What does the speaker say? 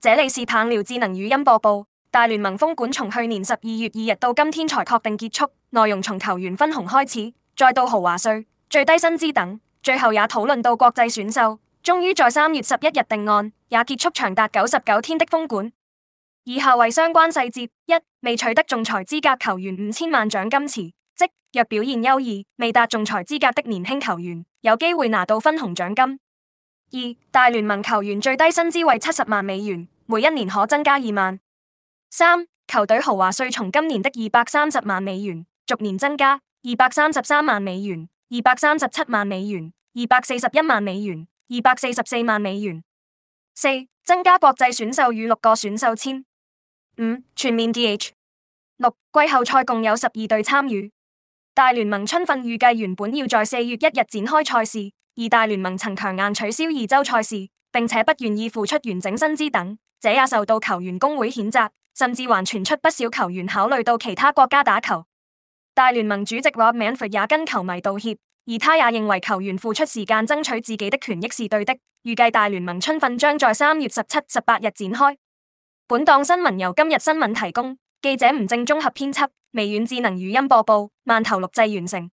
這裡是棒聊智能語音播報。大聯盟封館從去年十二月二日到今天才確定結束，內容從球員分紅開始，再到豪華稅、最低薪資等，最後也討論到國際選秀，終於在三月十一日定案，也結束長達九十九天的封館。以下為相關細節：一、未取得仲裁資格球員五千萬獎金池，即若表現優異、未達仲裁資格的年輕球員，有機會拿到分紅獎金。二大聯盟球員最低薪資為七十萬美元，每一年可增加二萬。三球隊豪華稅從今年的二百三十萬美元逐年增加二百三十三萬美元、二百三十七萬美元、二百四十一萬美元、二百四十四萬美元。四增加國際選秀與六個選秀簽。五全面 DH。六季後賽共有十二隊參與。大聯盟春訓預計原本要在四月一日展開賽事。而大聯盟曾強硬取消二周賽事，並且不願意付出完整薪資等，這也受到球員工會譴責，甚至還傳出不少球員考慮到其他國家打球。大聯盟主席 Rob Manfred 也跟球迷道歉，而他也認為球員付出時間爭取自己的權益是對的。預計大聯盟春訓將在三月十七、十八日展開。本檔新聞由今日新聞提供，記者吳正綜合編輯，微軟智能語音播報，慢頭錄製完成。